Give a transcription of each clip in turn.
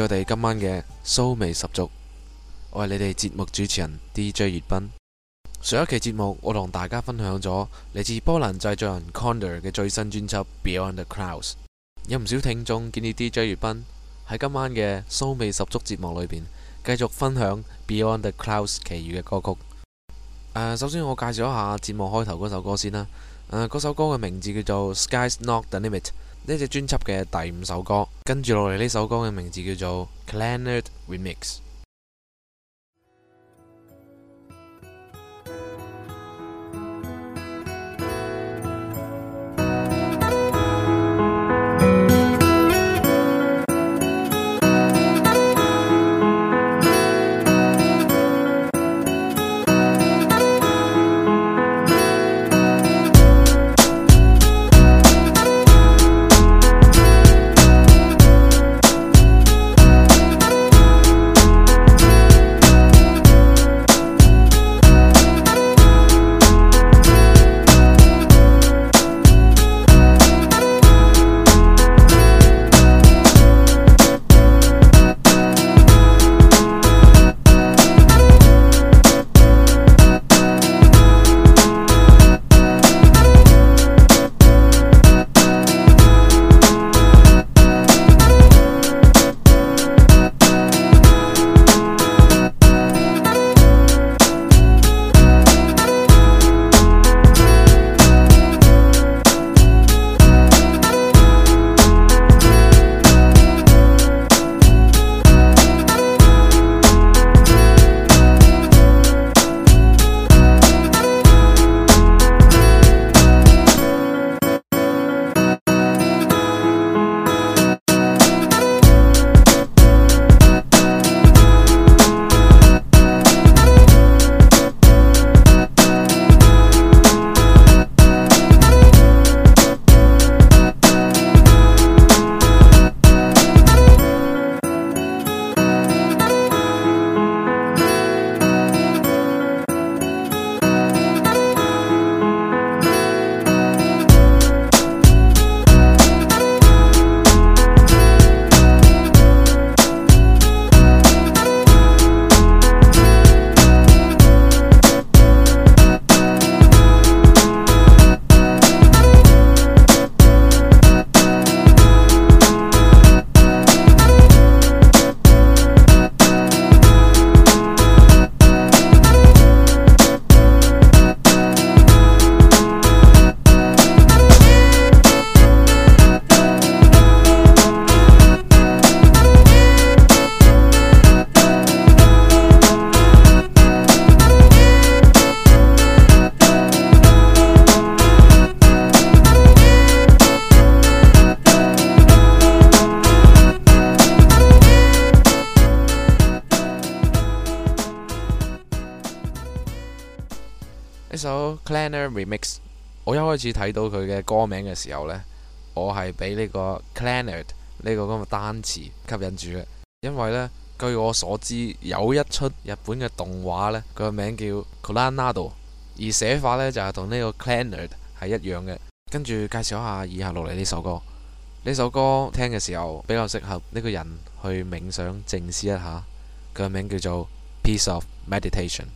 我哋今晚嘅 soul 味十足，我係你哋節目主持人 DJ 月斌。上一期節目我同大家分享咗嚟自波蘭製作人 Kondor 嘅最新專輯《Beyond the Clouds》，有唔少聽眾建議 DJ 月斌喺今晚嘅 soul 味十足節目裏邊繼續分享《Beyond the Clouds》其餘嘅歌曲。呃，首先我介紹一下節目開頭嗰首歌先啦。呃，嗰首歌嘅名字叫做《Sky's Not the Limit》。呢隻專輯嘅第五首歌，跟住落嚟呢首歌嘅名字叫做《Clannad Remix》。Clannad remix，我一開始睇到佢嘅歌名嘅時候呢，我係俾呢個 Clannad 呢個咁嘅單詞吸引住嘅，因為呢，據我所知有一出日本嘅動畫佢個名叫 Clannad，而寫法呢就係同呢個 Clannad 係一樣嘅。跟住介紹一下以下落嚟呢首歌，呢首歌聽嘅時候比較適合呢個人去冥想靜思一下，佢個名叫做 Piece of Meditation。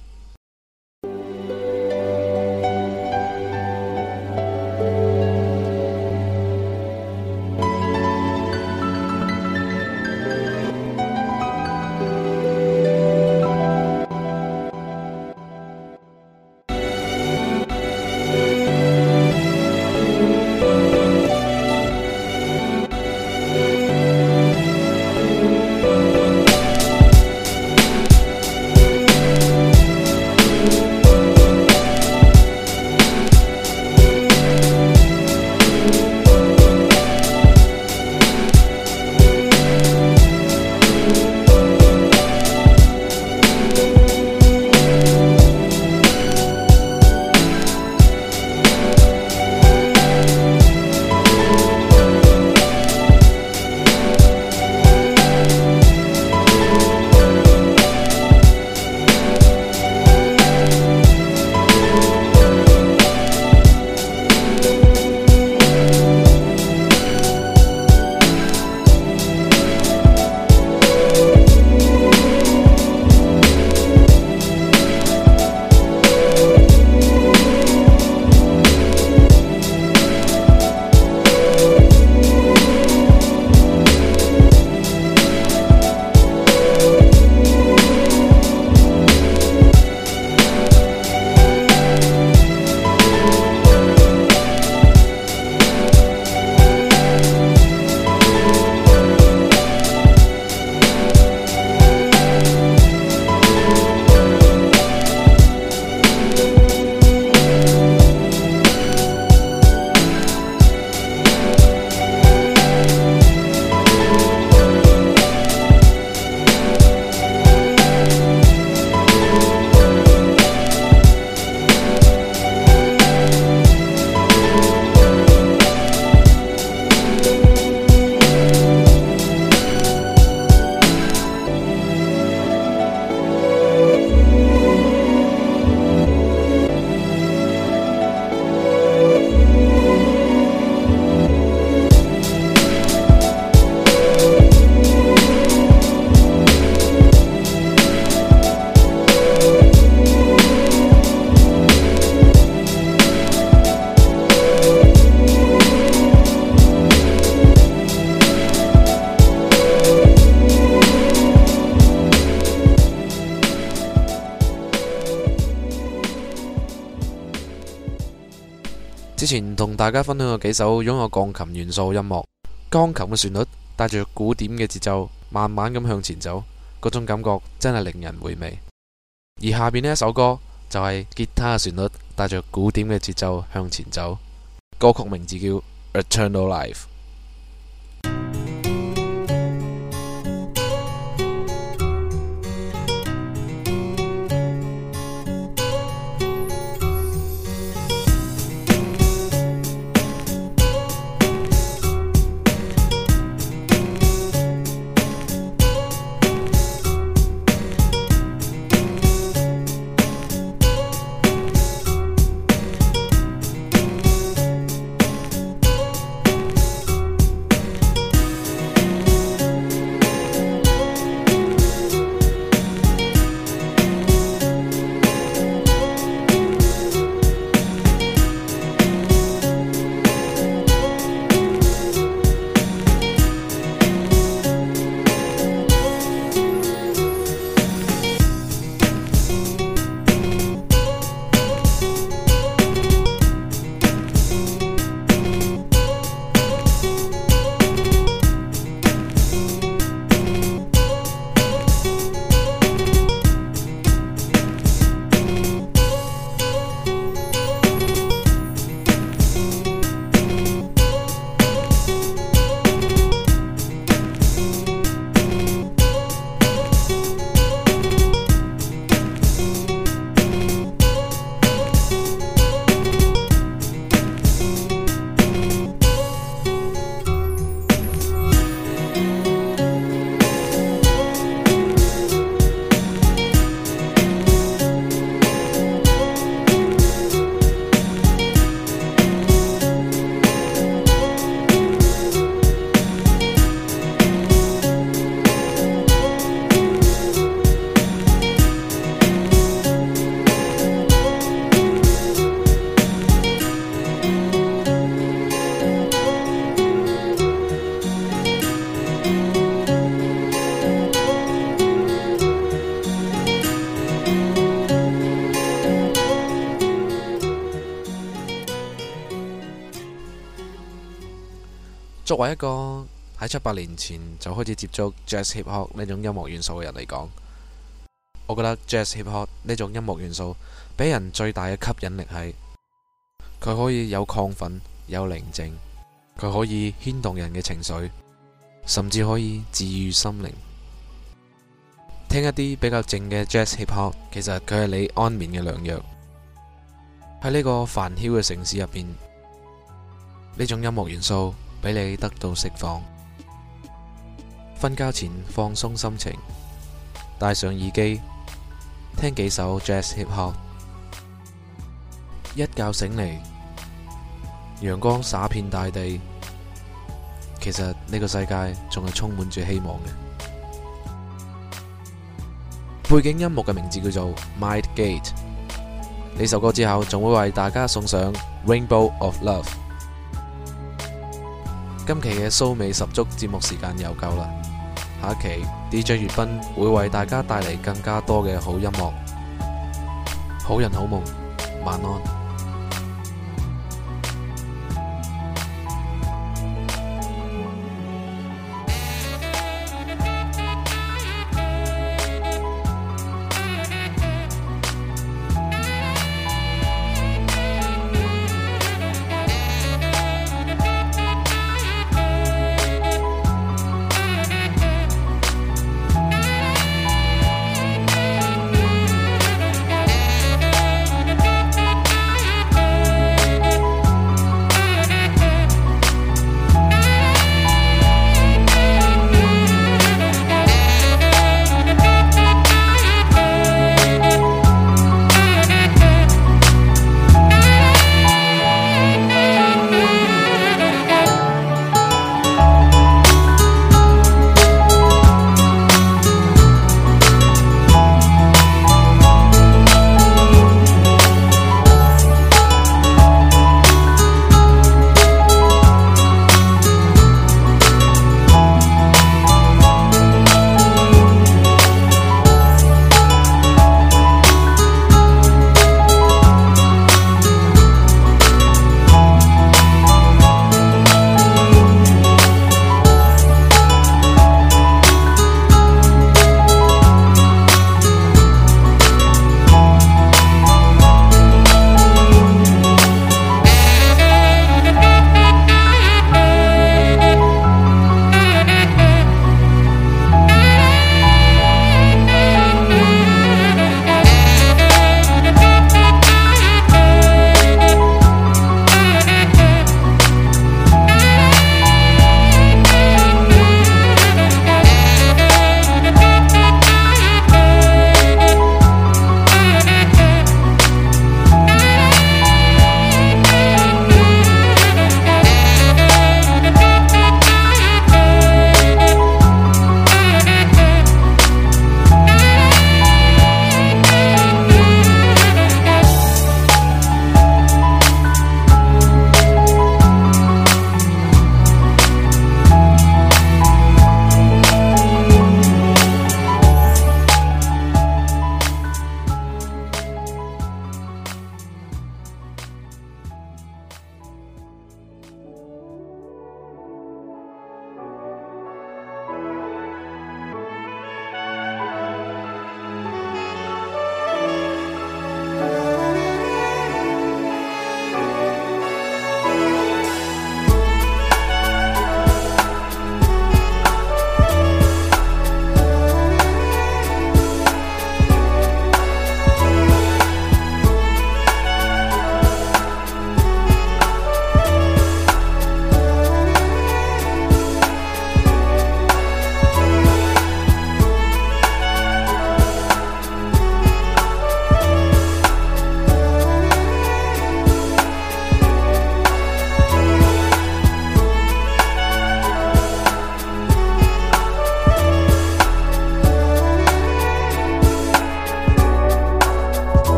之前同大家分享過幾首擁有鋼琴元素音樂，鋼琴嘅旋律帶住古典嘅節奏，慢慢咁向前走，嗰種感覺真係令人回味。而下面呢一首歌就係吉他嘅旋律帶着古典嘅節奏向前走，歌曲名字叫《Eternal Life》。喺一個喺七八年前就開始接觸 jazz hip hop 呢種音樂元素嘅人嚟講，我覺得 jazz hip hop 呢種音樂元素俾人最大嘅吸引力係佢可以有亢奮，有寧靜，佢可以牽動人嘅情緒，甚至可以治愈心靈。聽一啲比較靜嘅 jazz hip hop，其實佢係你安眠嘅良藥。喺呢個繁囂嘅城市入邊，呢種音樂元素，俾你得到釋放。瞓覺前放鬆心情，戴上耳機聽幾首 Jazz Hip Hop。一覺醒嚟，陽光灑遍大地。其實呢個世界仲係充滿住希望嘅。背景音樂嘅名字叫做《My Gate》。呢首歌之後，仲會為大家送上《Rainbow of Love》。今期嘅 soul 味十足節目時間又夠啦，下期 DJ 月斌會為大家帶嚟更加多嘅好音樂，好人好夢，晚安。